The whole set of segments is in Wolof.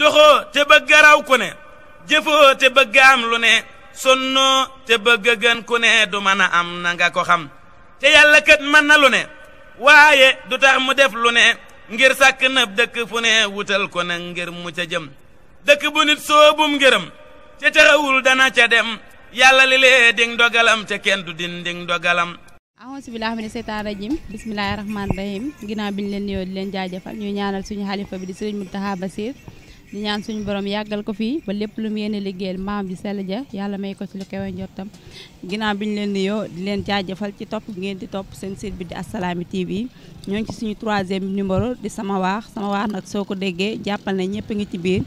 doxoo te bëgg a raw ku ne jëfoo te bëgg am lu ne sonnoo te bëgg a gën ku ne du mën am na nga ko xam te yàlla kat mën na lu ne waaye du tax mu def lu ne ngir sàkk nab dëkk fu ne wutal ko nag ngir mu ca jëm dëkk bu nit soobum ngërëm te taxawul dana ca dem yàlla li lee ding dogalam te kenn du din ding dogalam aawuusu billaahi mina seytaani rajim bismillaahi rahmaani rahim ginnaaw bi ñu leen nuyoo di leen jaajëfal ñuy ñaanal suñu xalifa bi di sëriñ di ñaan suñu borom yàggal ko fii ba lépp lu mu yéene liggéeyal maam ji sell ja yàlla may ko ci lu kawe njottam ginnaaw bi ñu leen nuyoo di leen jaajëfal ci topp ngeen di topp seen site bi di Assalaamy TV ñoo ngi ci suñu troisième numéro di sama waax sama waax nag soo ko déggee jàppal ne ñëpp ngi ci biir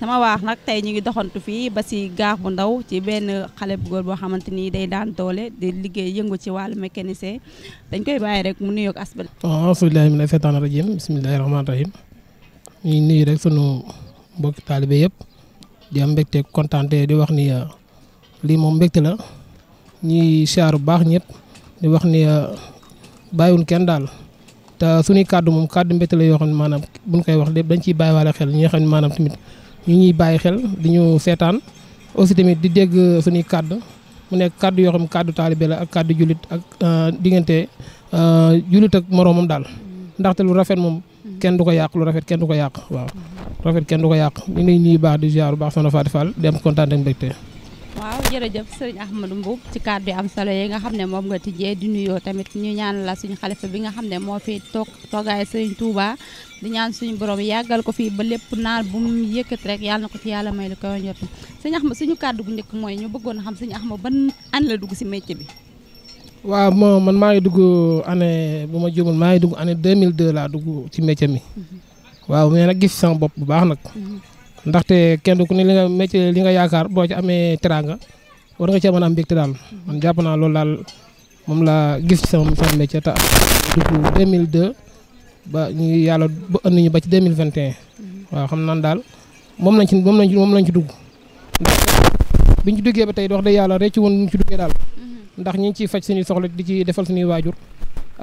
sama waax nag tey ñu ngi doxantu fii ba si gaax bu ndaw ci benn xale bu góor boo xamante ni day daan doole di liggéey yëngu ci wàllu mécanicien dañ koy bàyyi rek mu nuyoog asbal. auzu billaahi mina seytaani rajiim bismillaahi rahmaani rahiim ñu nuyu rek sunu mbokki taalibe yëpp di am mbégte kontaan te di wax ni euh, lii moom mbégte la ñuy siyaaru baax ñëpp di wax ni euh, bàyyiwuñ kenn daal te suñuy kàddu moom kàddu mbégte la yoo xam ne maanaam buñ koy wax lépp dañ ciy bàyyiwaale xel ñi xam ne maanaam tamit ñu ñuy bàyyi xel di seetaan aussi tamit di dégg suñuy kàddu mu nekk kàddu yoo xam ne kàddu taalibe la ak kàddu jullit ak euh, diggante jullit ak moroomam daal ndaxte lu rafet moom. Mm-hmm. kenn du ko yàq lu rafet kenn du ko yàq waaw mm-hmm. rafet kenn du ko yàq ñu ngi ñuy baax di ziar baax soxna Fatou Fall dem kontaan ak mbégte waaw jërëjëf sëriñ Ahmadou Mboub ci kàddu yi am solo yi nga xam ne moom nga tijjee di nuyoo tamit ñu ñaan la suñu xalifa bi nga xam ne moo fi toog toogaay sëriñ Touba di ñaan suñu borom yàggal ko fii ba lépp naar bu mu yëkkati rek yàlla na ko ci yàlla may lu ko njot sëriñ Ahmadou suñu kàddu gu njëkk mooy ñu bëggoon a xam sëriñ Ahmadou ban an la dugg si métier bi waaw moo man maa ngi dugg année bu ma jëmul maa ngi dugg année 2002 laa dugg ci métier mi mhm. waaw mais nag gis sama bopp bu baax nag mhm. ndaxte kenn ku ne li nga li nga yaakaar boo ci amee teraanga war nga cee mën a am mbégte daal naa loolu daal moom laa gis sama sama métier te dugg 2002 ba yàlla ba ënd ñu ba ci 2021 mhm. waaw xam naan daal moom lañ ci moom lañ ci moom lañ ci dugg ndax biñ ci duggee ba tey wax dëgg yàlla rëcc woon ñu ci duggee daal ndax ñi ngi ciy faj suñuy soxla di ci defal suñuy waajur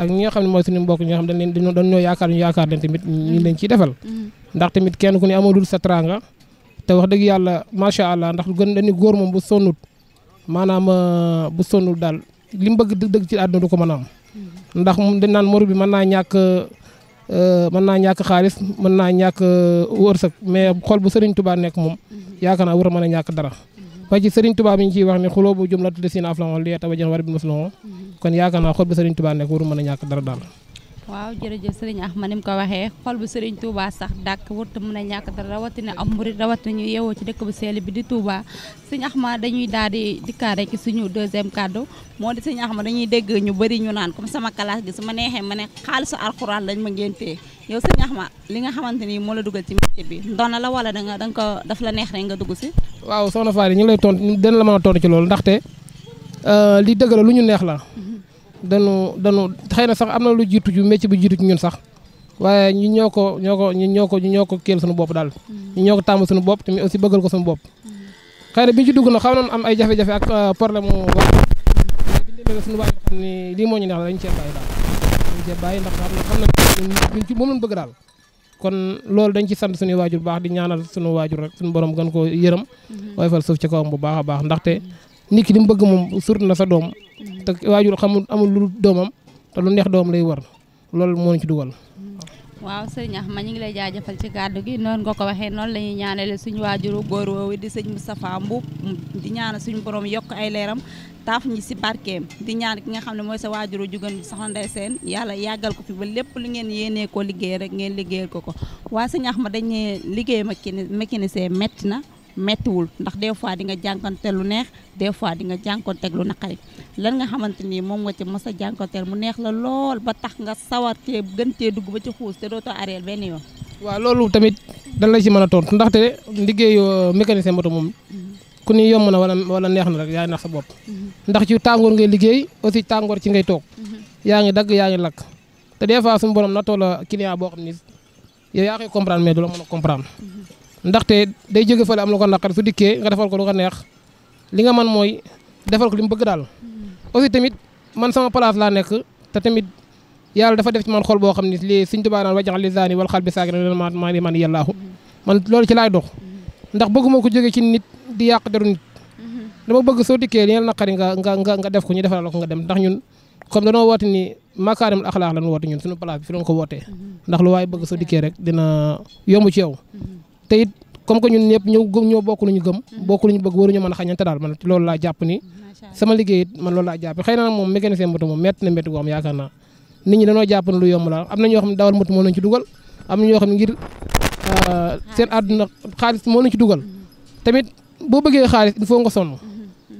ak ñi nga xam ne mooy suñu mbokk ñi nga xam dañ leen dañ ñoo yaakaar ñu yaakaar leen tamit ñu leen ciy defal mm-hmm. ndax tamit kenn ku ne amadul sa tranga te wax dëgg yàlla macha allah ndax gën dañu góor moom bu sonnut maanaam euh, bu sonnut daal li mu bëgg dëgg ci àdduna du ko mën a am mm-hmm. ndax moom dañ naan mor bi mën naa ñàkk euh, mën naa ñàkk xaalis mën naa ñàkk euh, wërsëg mais xol bu sëriñ Tuubaa nekk moom mm-hmm. yaakaar naa war a mën a ñàkk dara ba ci Serigne Touba bi ñu ciy wax ne xuloo bu jumla tudde sina aflamoon li tawa jëx war bi musulmoon kon yaakaar naa xol bu Serigne Touba nekk waru mën a ñàkk dara daal waaw jërëjëf Serigne Ahmad ni mu ko waxee xol bu Serigne Touba sax dàkk wurtu mën a ñàkk dara rawatina am murit rawatina ñu yeewoo ci dëkk bu seel bi di Touba Serigne Ahmad dañuy daal di dikkaat rek suñu deuxième kàddu moo di Serigne ma dañuy dégg ñu bëri ñu naan comme sama classe gi su ma neexee ma ne xaalisu alxuraan lañ ma ngéntee yow sëñ Axma li nga xamante ni moo la dugal ci métier bi ndono la wala da nga da nga ko daf la neex rek nga dugg si. waaw soxna Faly ñu ngi lay tontu la mën a tontu ci loolu ndaxte euh, li dëgg la lu ñu neex la. danu danu xëy na sax am na lu jiitu ju métier bi jiitu ci ñun sax waaye ñu ñoo ko ñoo ko ñu ñoo ko ñu ñoo ko kéel suñu bopp daal. ñu ñoo ko tàmm suñu bopp tamit aussi ko suñu bopp. xëy na bi ñu ci dugg am ay jafe-jafe ak euh, problème mu wàllu. mais lii moo ñu neex la dañu cee bàyyi daal bañ cee bàyyi ndax xam na ñun ci moom lañ bëgg daal kon loolu dañ ci sant suñu waajur baax di ñaanal suñu waajur rek suñu boroom gën koo yërëm mhm. waaye fa suuf ci kawam bu baax a baax ndaxte nit ki di mu bëgg moom surtout na sa doom mhm. te waajur xamul amul lu doomam te lu neex doom lay war loolu moo ñu ci dugal mhm. waaw sa ñax ma ñu ngi lay jaajëfal ci kàddu gi noonu nga ko waxee noonu lañuy ñuy ñaanale suñu waajuru góor woowu di sañ Moustapha Mbuub di ñaana suñu borom yokk ay leeram taaf ñi si barkeem di ñaan ki nga xam ne mooy sa waajuru jugan bi soxna Ndey Seen yàlla yàggal ko fi ba lépp lu ngeen yéenee koo liggéey rek ngeen liggéeyal ko ko waa sëñ Axma dañ ne liggéey mécanicien métti na méttiwul ndax des fois di nga jànkonteel lu neex des fois di nga jànkonteel lu naqari lan nga xamante ni moom nga ci mës a jànkonteel mu neex la lool ba tax nga sawar cee gën cee dugg ba ci xuus te dootoo areel benn yoon. waaw loolu tamit dan la ci mën a tontu ndaxte liggéeyu euh, mécanicien moto moom mm-hmm. ku ni yomb na wala wala neex na rek yaa ngi nax sa bopp mm-hmm. ndax ci tàngoor ngay liggéey aussi tàngoor ci ngay toog mm-hmm. yaa ngi dagg yaa ngi lakk te des fois suñu borom natoo la client boo xam ni yow yaa koy comprendre mais la mën ndaxte day jóge fële am lu ko naqar su dikkee nga defal ko lu ko neex li nga man mooy defal ko li mu bëgg daal. Mm. aussi tamit man sama place laa nekk te tamit yàlla dafa def ci man xol boo xam ne lii Sëñ Tuubaa naan wajaxal lisaani wal xal bi saag rek ma maa ngi man yàllaahu mm. man loolu ci laay dox. Mm. ndax bëgguma ko jóge ci nit di yàq deru nit. Mm-hmm. dama bëgg soo dikkee li ngeen naqari nga nga nga def ko ñu defal la ko nga dem ndax ñun comme danoo woote ni makaarimul axlaaq lañu woote ñun suñu place bi fi lañ ko wootee. Mm-hmm. ndax lu waaye bëgg soo dikkee rek dina yomb ci yow mm-hmm. te it comme que ñun ñëpp ñëw ñoo bokk lu ñu gëm bokk lu ñu bëgg waruñu mën a xañante daal man loolu laa jàpp ni sama liggéey it man loolu laa jàpp xëy na nag moom mécanicien moto moom métti na métti goo xam yaakaar naa nit ñi jàpp ne am na ñoo xam ne dawal moto moo nañ xam ne ngir ah. Ah, seen àdduna xaalis moo nañ ci dugal tamit boo bëggee xaalis il faut nga sonn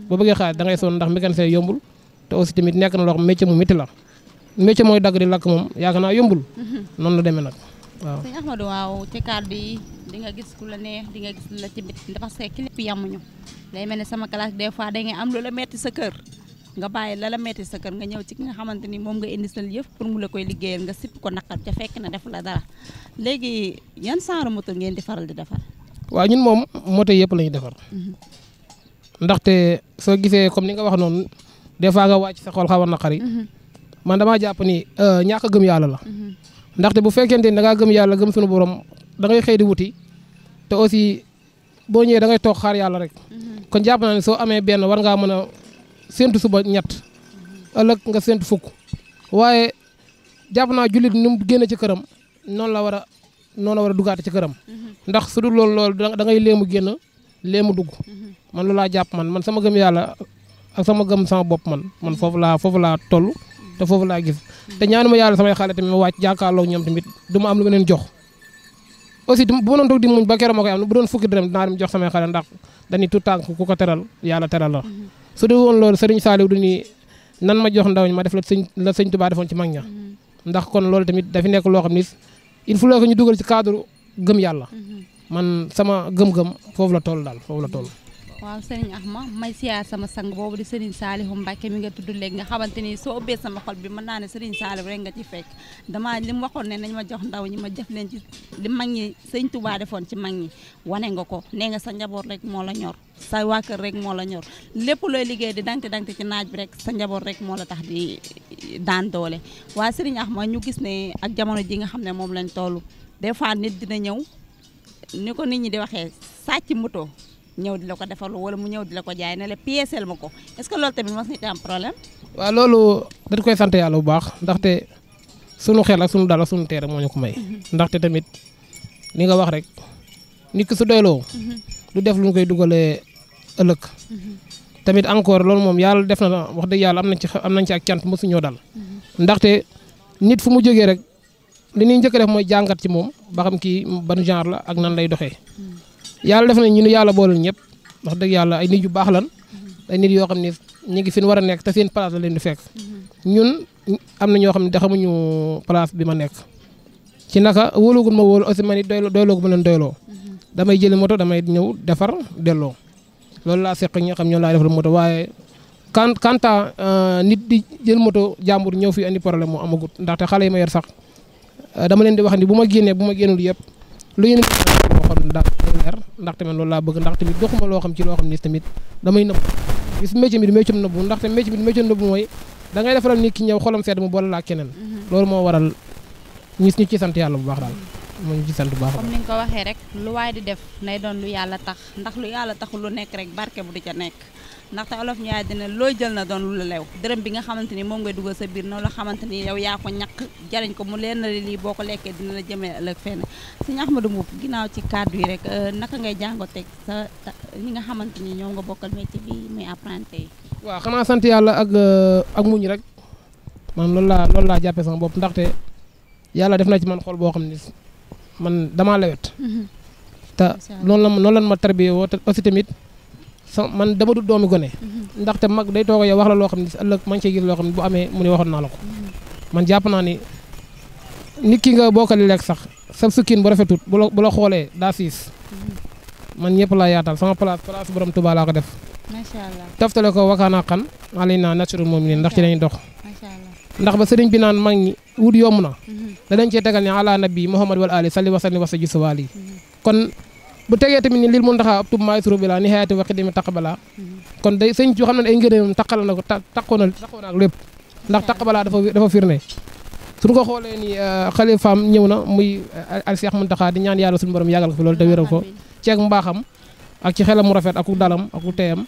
boo bëggee xaalis dangay son sonn ndax mécanicien yombul te aussi tamit nekk na loo xam métier mu métti la métier mooy dagg di lakk moom yaakaar naa yombul noonu la demee nag waaw ma Ahmadou waaw ci kàddu bi di nga gis ku la neex di nga gis la ci biti dafa seet clip yamuñu day mel ne sama classe des fois da ngay am lu la metti sa kër nga bàyyi la la metti sa kër nga ñëw ci ki nga xamante ni moom nga indi sa yëf pour mu la koy liggéeyal nga sipp ko naqar ca fekk na def la léegi yan saaru moto ngeen di faral di defar. waaw ñun moom moto yëpp la ñuy defar. Mhm. ndaxte soo gisee comme ni nga wax noonu des fois nga wàcc sa xol xaw a naqari. Mhm. man damaa jàpp ni euh, ñàkk gëm yàlla la. Mhm. ndaxte bu fekkente ni da gëm yàlla gëm sunu borom da ngay xëy di wuti te aussi boo ñëwee dangay ngay toog xaar yàlla rek. kon jàpp naa ne soo amee benn war ngaa mën a séntu suba ñett ëllëg nga séntu fukk waaye jàpp naa jullit ni mu génn ci këram noonu la war a noonu la war a dugaate ci këram. ndax su dul loolu lool da ngay léemu génn léemu dugg. man loolaa jàpp man man sama gëm yàlla ak sama gëm sama bopp man man foofu laa foofu laa toll. te foofu laa gis te ma yàlla samay xale tamit ma wàcc jàkkaarloog ñoom tamit du ma am lu ma leen jox aussi bu ma doon toog di muñ ba keroog ma koy am bu doon fukki dërëm dinaa dem jox samay xale ndax dañuy tout tànk ku ko teral yàlla teral la mm-hmm. su dee woon loolu sëriñ Saliou du ni nan ma jox ndaw ma def la sëñ la sëñ Tuubaa defoon ci mag ña mm-hmm. ndax kon loolu tamit dafi nekk loo xam ni il loo que ñu dugal ci cadre gëm yàlla mm-hmm. man sama gëm-gëm foofu la toll daal foofu la toll waaw Serigne Axma may siyaar sama sang boobu di Serigne Saalihu Mbacke mi nga tudd léegi nga xamante ni soo ubbee sama xol bi mën naa ne Serigne Saalihu rek nga ci fekk dama li mu waxoon ne nañ ma jox ndaw ñi ma jëf leen ci li mag ñi sëñ Touba defoon ci mag ñi wane nga ko nee nga sa njaboot rek moo la ñor sa waa kër rek moo la ñor lépp looy liggéey di dangte dangte ci naaj bi rek sa njaboot rek moo la tax di daan doole waa Serigne Axma ñu gis ne ak jamono ji nga xam ne moom lañ toll des fois nit dina ñëw ni ko nit ñi di waxee sàcc moto ñëw di la ko defal wala mu ñëw di la ko jaay na la piyeeseel ma ko est-ce que loolu tamit mos nga ci am problème. waaw loolu dañ koy sant yàlla bu baax ndaxte sunu xel ak sunu dal ak sunu teer moo ñu ko may. Mhm. ndaxte tamit li nga wax rek nit ki su doyloo. Mhm. du def lu koy dugalee ëllëg. Mhm. tamit encore loolu moom yàlla def na wax dëgg yàlla am nañ ci am nañ ci ak cant mosu ñoo dal. ndaxte nit fu mu jógee rek li ñuy njëkk def mooy jàngat ci moom ba xam kii ban genre la ak nan lay doxee. yàlla def nañ ñu ne yàlla boolul ñëpp wax dëgg yàlla ay nit yu baax lan ay nit yoo xam ne ñu ngi fi war a nekk te seen place la leen di fekk ñun am na ñoo xam ne da xamuñu bi ma nekk ci naka wóolugul ma wóolu aussi man it doyloo doyloo gu ma leen doyloo damay jëli moto damay ñëw defar delloo loolu laa seq ñi xam ñoo laa defar moto waaye kan kanta euh, nit di jël moto jàmbur ñëw fi andi problème moo amagut ndaxte xale yi ma yor sax euh, dama leen di wax ni bu ma génnee bu ma génnul yëpp lu yéen moo xam ndax weer ndax tamit loolu laa bëgg ndax tamit doxuma loo xam ci loo xam ni tamit damay nëbb gis métier bi du métier nëbb ndaxte métier bi du métier nëbb mooy da ngay defaral nit ki ñëw xolam sedd mu boole laa keneen mhm. loolu moo waral ñis ñu ci sant yàlla bu baax daal moo mhm. ñu ci sant bu baax comme ni nga ko waxee rek lu waay di def nay doon lu yàlla tax ndax lu yàlla taxul lu nekk rek barke bu di ca nekk ndaxte olof ñaay dina looy jël na doon lu la lew dërëm bi nga xamante ni moom ngay dugal sa biir noonu la xamante ni yow yaa ko ñàkk jariñ ko mu leen na lii boo ko lekkee dina la jëmee ëllëg fenn sëñ Ahmadou Mboup ginaaw ci kàddu yi rek euh, naka ngay jàngoteeg sa ñi nga xamante ni ñoom nga bokkal métier bi muy apprenti yi waaw xanaa sant yàlla ak euh, ak muñ rek man loolu laa loolu laa jàppee sama bopp ndaxte yàlla def na ci man xol boo xam ne man damaa lewet mm-hmm. te loolu la noonu lan ma tarbiyee woo tamit sa man dama du doomi gone ndaxte mag day toog yow wax la loo xam ne si ëllëg man cee gis loo xam ne bu amee mu ne waxoon naa la ko man jàpp naa ni nit ki nga bokkali lekk sax sa sukkin bu rafetut bu la bu la xoolee daa siis man ñëpp laa yaatal sama place place borom Tuubaa laa ko def macha allah toftale ko wakaana xan alay naa nature moom leen ndax ci lañuy dox ndax ba sëriñ bi naan mag ñi wut yomb na da dañ cee tegal ne ala nabi Muhammad wal ali salli wa salli wa sa kon bu tegee tamit ni lil mun ndaxaa ab tub maay suru bi laa ni xayaati waxi dimi taq balaa mm-hmm. kon day sëñ ci xam ne ay ngëneemam taqal na ko taqoo na taqoo na ak lépp ndax taq balaa dafa dafa firne suñu ko xoolee ni euh, xalifaam ñëw na muy euh, al Cheikh Muntaxa di ñaan yàlla suñu borom yàggal ko fi loolu te wéral ko ceeg mbaaxam ak ci xelam mu rafet aku dalam aku teyam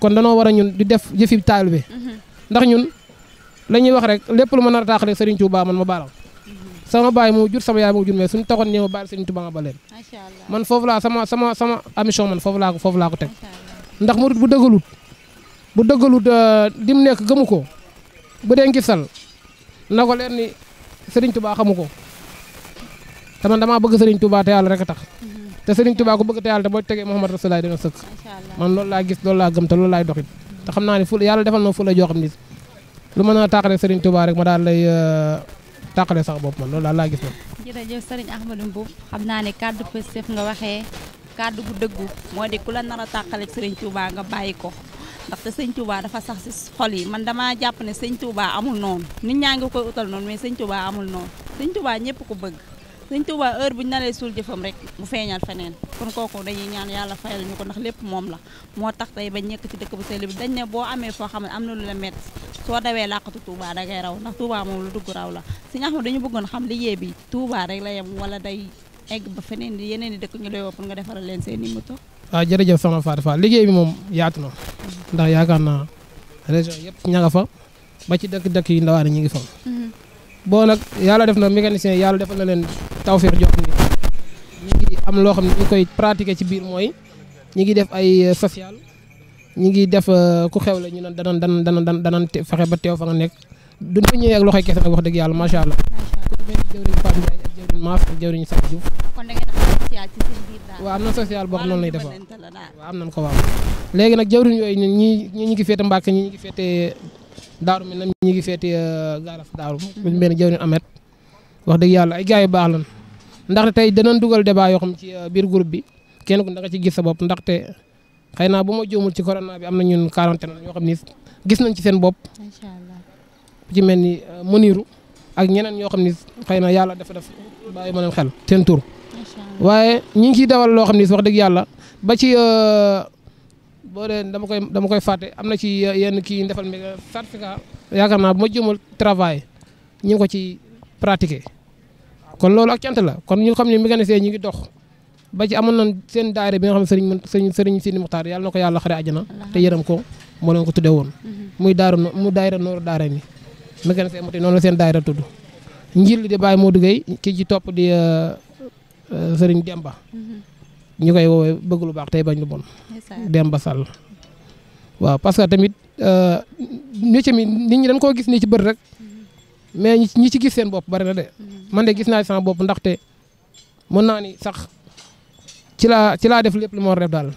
kon danoo war a ñun di def jëfi bi mm-hmm. ndax ñun la ñuy wax rek lépp lu mën a taaxale Serigne Touba man ma baalam sama baay moo jur sama yaay moo jur mais suñu taxoon ñëw baal Sëriñ Tuubaa ba leen man foofu laa sama sama sama ambition ko foofu laa ko teg bu dëggalut bu euh, li mu nekk gëmu ko bu dee ngisal na leen ni Sëriñ Tuubaa xamu ko te man damaa bëgg Sëriñ Tuubaa te yàlla rek a tax mhm. te Sëriñ Tuubaa ko bëgg te yàlla te boo tegee Muhammad Rasulaay dina sëkk man loolu laa gis loolu laa laay doxit te xam naa ne fu yàlla defal na fu la joo xam ni lu mën a tàqale Sëriñ Tuubaa rek ma daal lay euh, tàqale sax bopp man loolu daal laa gis nag. jërëjëf sëriñ Ahmadou Mbow xam naa ne kàddu Pastef nga waxee kàddu bu dëggu moo di ku la nar a tàqaleeg sëriñ Touba nga bàyyi ko ndaxte sëñ Touba dafa sax si xol yi man damaa jàpp ne sëñ Touba amul noonu nit ñaa ngi koy utal noonu mais sëñ Touba amul noonu sëñ Touba ñëpp ko bëgg. sëñ Touba heure bu ñu nalee suul jëfam rek mu feeñal feneen kon kooku dañuy ñaan yàlla fayal ñu ko ndax lépp moom la moo tax tey bañ nekk ci dëkk bu sell bi dañ ne boo amee foo ne am na lu la metti soo dawee làqatu Touba da raw ndax Touba moom lu dugg raw la si nga xam xam liggéey bi Touba rek la yem wala day egg ba feneen yeneen i dëkk ñu doy woo pour nga defaral leen seen i moto. waaw jërëjëf soxna Fatou Fall liggéey bi moom yaatu na ndax yaakaar naa région yëpp ña nga fa ba ci dëkk-dëkk yi ndawaan ñi ngi fa mm-hmm. boo nag yàlla def na mécanicien yi yàlla defal na leen tawféer jox am loo xam ne ñu koy pratiquer ci biir mooy ñu ngi def ay euh, social ñu ngi def euh, ku xew la ñu ne danan danan danan danan fexe ba teew fa nga nekk duñ fa ñëwee ak loxoy kese nag wax dëgg yàlla macha allah. maaf ak jëwriñ sax Diouf waaw am na social boo xam lay def waaw am nañ ko waaw léegi ñi ñi ngi féete Mbàkke ñi ngi féete daaru mi nam ñi ngi feeti euh, gaaraf daaru mu mel jawrin amet wax dëgg yàlla ay gaa yu baax lan ndaxte tey danañ dugal débat yoo xam ci euh, biir groupe bi kenn ku nga ci gis sa bopp ndaxte xay naa bu ma jóomul ci corona bi am na ñun quarantaine ñoo xam ni gis nañ ci seen bopp incha ci mel ni euh, Muniru ak ñeneen ñoo xam ni xëy na yàlla dafa def bàyyi ma leen xel seen tur waaye ñi ngi ciy loo xam ni wax dëgg yàlla ba ci boo dee dama koy dama koy fàtte am na ci uh, yenn kii ñu defal mi uh, certificat yaakaar naa bu ma jëmal travail ñu ngi ko ci pratiquer kon loolu ak cant la kon ñu xam ne mécanicien ñu ngi dox ba ci amoon nañ seen daare bi nga xam ne sëriñ sëriñ sëriñ Sidi Muxtaar yàlla na ko yàlla xare àjjana te yërëm ko moo leen ko tudde woon mm-hmm. muy daara mu daayira nooru daara ni mécanicien moto noonu la seen daayira tudd njil di bàyyi moo duggee kii ji topp di uh, sëriñ Demba mm-hmm. ñu koy woowee bëgg lu baax tey bañ lu bon. Demba Sall waaw parce que tamit euh, métier mi nit ñi dañ koo gis nii ci bët rek mais ñi ci gis seen bopp bari na de mm-hmm. man de gis naa sama bopp ndaxte mën naa ni sax ci laa ci laa def lépp li ma war daal.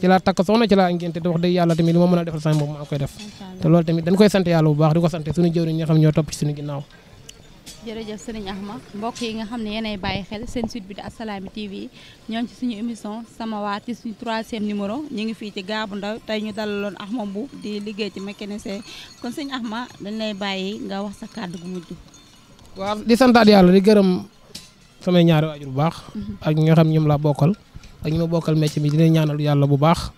ci laa takk soxna ci laa ngénte wax dëgg yàlla tamit li a defal koy def. yàlla bu baax di ko sant suñu jëwriñ ñi nga ñoo topp ci suñu ginnaaw. jërëjëf sëriñ ma mbokk yi nga xam ne yéenay bàyyi xel seen sit bi di Assalaamy TV ñoo ngi ci suñu émission sama waar ci suñu troisième numéro ñu ngi fii ci gaa bu ndaw tey ñu dalaloon Axma bu di liggéey ci mécanicien kon sëñ Axma dañ lay bàyyi nga wax sa kàddu gu mujj. waaw di santaat yàlla di gërëm samay ñaari waajur bu baax. Mhm. ak ñu nga xam ñoom laa bokkal ak ñi ma bokkal métier mi dina leen ñaanal yàlla bu baax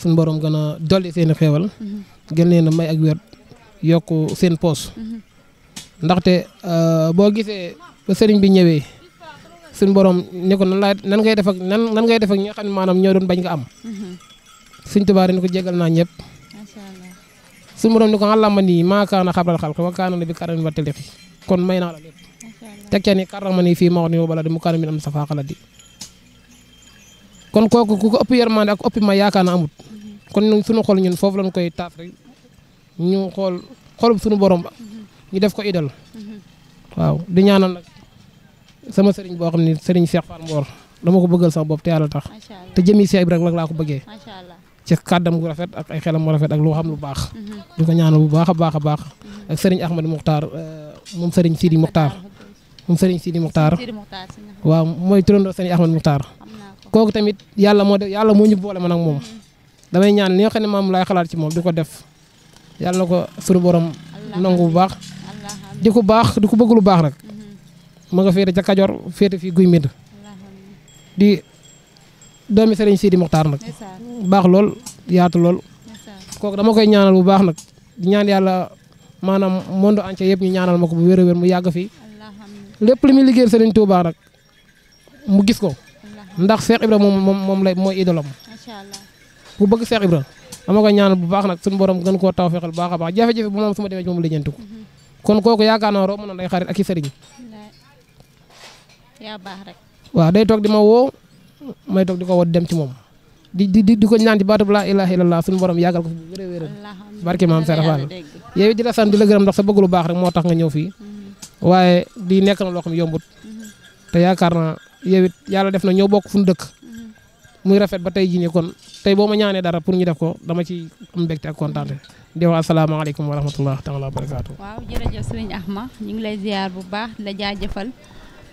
suñu borom gën a dolli seen i mhm. gën leen a ak wér seen poos. Mhm. ndaxte euh, boo gisee ba sëriñ bi ñëwee suñu borom ne ko nan laa nan ngay def nan nan ngay def nga xam ne maanaam ñoo doon bañ ko am. suñ tubaab ni ko jégal naa ñëpp. macha allah suñu borom ni ko àllama nii maa kaana xabral xalq wa kaana bi karam wa talixi kon may naa la lépp. teg ca ni karama nii fii ma wax ni bala di mu karam min am sa faaxalati kon kooku ku ko ëpp yërmande ak ëpp ma yaakaar na amut. Mm-hmm. kon suñu xol ñun foofu lañ koy taaf rek ñu xool xolum suñu borom ba. Mm-hmm. ñu def ko idol mm-hmm. waaw di ñaanal nag sama sëriñ boo xam ne sëriñ Cheikh Fall Mboor dama ko bëggal sax bopp te yàlla tax te jëmi Cheikh Ibrahima nag laa ko bëggee ci kàddam gu rafet ak ay xelam mu rafet ak lu xam lu baax mm-hmm. di ko ñaanal bu baax a baax a baax mm-hmm. ak sëriñ Ahmad Muxtaar euh, moom sëriñ Sidi Muxtaar moom sëriñ Sidi Muxtaar waaw mooy turandoo sëriñ Ahmad Muxtaar kooku tamit yàlla moo de yàlla moo ñu boole ma nag moom damay ñaan li nga xam ne maam laay xalaat ci moom di ko def yàlla na ko suñu borom nangu bu baax di ku baax di ku bëgg lu baax nag mm-hmm. ma nga féete ca Kajoor féete fii guy mbind di doomi Serigne Sidi Mokhtar nag baax lool yaatu lool kooku dama koy ñaanal bu baax nag ñaan yàlla maanaam monde entier yëpp ñaanal ma ko bu wér a wér mu yàgg fii lépp li muy liggéeyal Serigne Touba nag mu gis ko ndax Cheikh Ibra moom moom moom lay mooy idolam ku bëgg Cheikh Ibra dama koy ñaanal bu baax nag suñu borom gën koo taw fexel baax a baax jafe-jafe bu moom su ma demee ci moom lijjanti ko mm-hmm. kon kooku yaakaar naa romb na day xarit ak i sëriñ. baax rek. waaw day toog di ma woo may toog di ko woo dem ci moom di di di ko ñaan ci baatu laa ilaaha laa suñu boroom yàggal ko fi wéré wéré barke maam Serap Fall yow di la sant di la gërëm ndax sa bëgg lu baax rek moo tax nga ñëw fii mm-hmm. waaye di nekk na loo xam yombut mm-hmm. te yaakaar naa yow it yàlla def na ñoo bokk fu ñu dëkk. muy rafet ba tey jii nii kon tey boo ma ñaanee dara pour ñu def ko dama ci am mbégte ak kontaante di wax asalaamaaleykum wa rahmatulah taala wa barakaatu. waaw jërëjëf sëriñ Axma ñu ngi lay ziar bu baax di la jaajëfal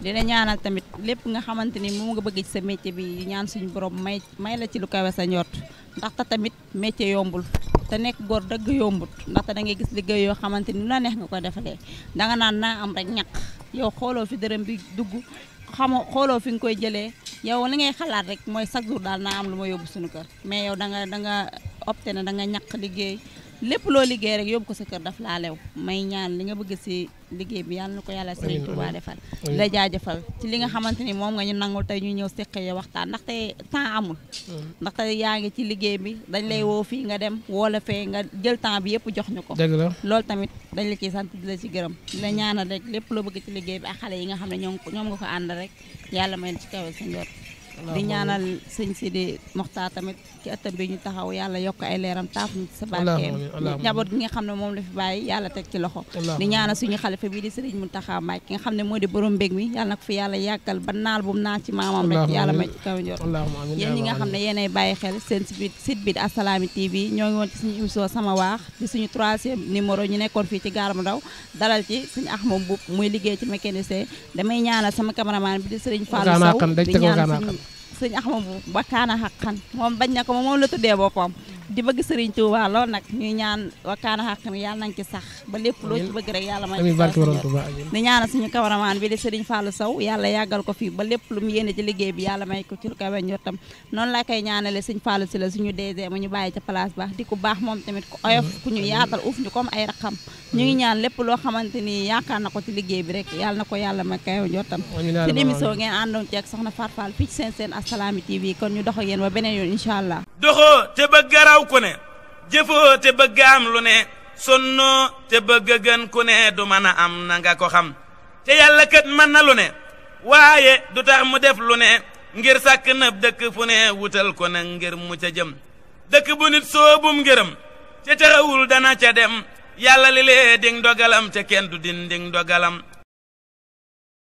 dina ñaanal tamit lépp nga xamante ni moom nga bëggee ci sa métier bi ñaan suñu borom may may la ci lu kawe sa njort ndaxte tamit métier yombul. te nekk góor dëgg yombut ndaxte da ngay gis liggéey yoo xamante ni la neex nga ko defalee danga naan naa am rek ñaq yow xooloo fi dërëm bi dugg xamoo xooloo fi nga koy jëlee yow li ngay xalaat rek mooy chaque jour daal na am lu ma yóbbu suñu kër mais yow danga danga da nga opté na da nga ñàkk liggéey lépp loo liggéey rek yóbbu ko sa kër daf laa lew may ñaan li nga bëgg si liggéey bi yàlla na ko yàlla Sëriñ Tuubaa defal la jaajafal ci li nga xamante ni moom nga ñu nangul tey ñu ñëw séq ya waxtaan ndaxte temps amul ndaxte yaa ngi ci liggéey bi dañ lay woo fii nga dem woo la fee nga jël temps bi yëpp jox ñu ko loolu tamit dañ la ciy sant di la ci gërëm di la ñaanal rek lépp loo bëgg ci liggéey bi ak xale yi nga xam ne ñoom nga ko ànd rek yàlla may ci kawe sa njort di ñaanal sëñ Sidi Moxtaar tamit ci ëttam bi ñu taxaw yàlla yokk ay leeram taaf ñu sa barkeem njaboot gi nga xam ne moom la fi bàyyi yàlla teg ci loxo di ñaanal suñu xalifa bii di sëriñ Muntaxa Mbaay ki nga xam ne moo di borom mbég mi yàlla nag fi yàlla yàggal ba naal bu mu naal ci maamam rek yàlla may ci xam ne yéenay bàyyi xel seen site bi di Assalaamy TV ñoo ngi woon ci suñu émission sama waax di suñu troisième numéro ñu nekkoon fii ci gaar mu ndaw dalal ci suñu Axma Mbuub muy liggéey ci mécanicien damay ñaanal sama cameraman bi di sëriñ Fallou Sow di ñaanal sëñ Axma bu bakkaana xaqan moom bañ na ko moom la tuddee boppam di bëgg Serigne Touba lool nag ñuy ñaan wakkaana xàq ni yàlla nañ ci sax ba lépp loo ci bëgg rek yàlla ma di ñaanal suñu cameraman bi di Serigne Fallou Sow yàlla yàggal ko fii ba bi yàlla may ko ci lu kawe moom tamit ku oyof ku ñu yaatal lépp loo xamante ni yaakaar na ko ci liggéey bi rek yàlla na ko yàlla may kawe njortam seen émission ngeen àndoon ci ak soxna Fatou Fall fii seen seen Assalaamy TV kon ñu dox ak yéen beneen yoon incha allah gaaw ku ne jëfoo te bëgg am lu ne sonnoo te bëgg gën ku ne du mën am na nga ko xam te yàlla kat mën na lu ne waaye du tax mu def lu ne ngir sàkk nab dëkk fu ne wutal ko nag ngir mu ca jëm dëkk bu nit soobum ngërëm te taxawul dana ca dem yàlla li lee ding dogalam te kenn du din ding dogalam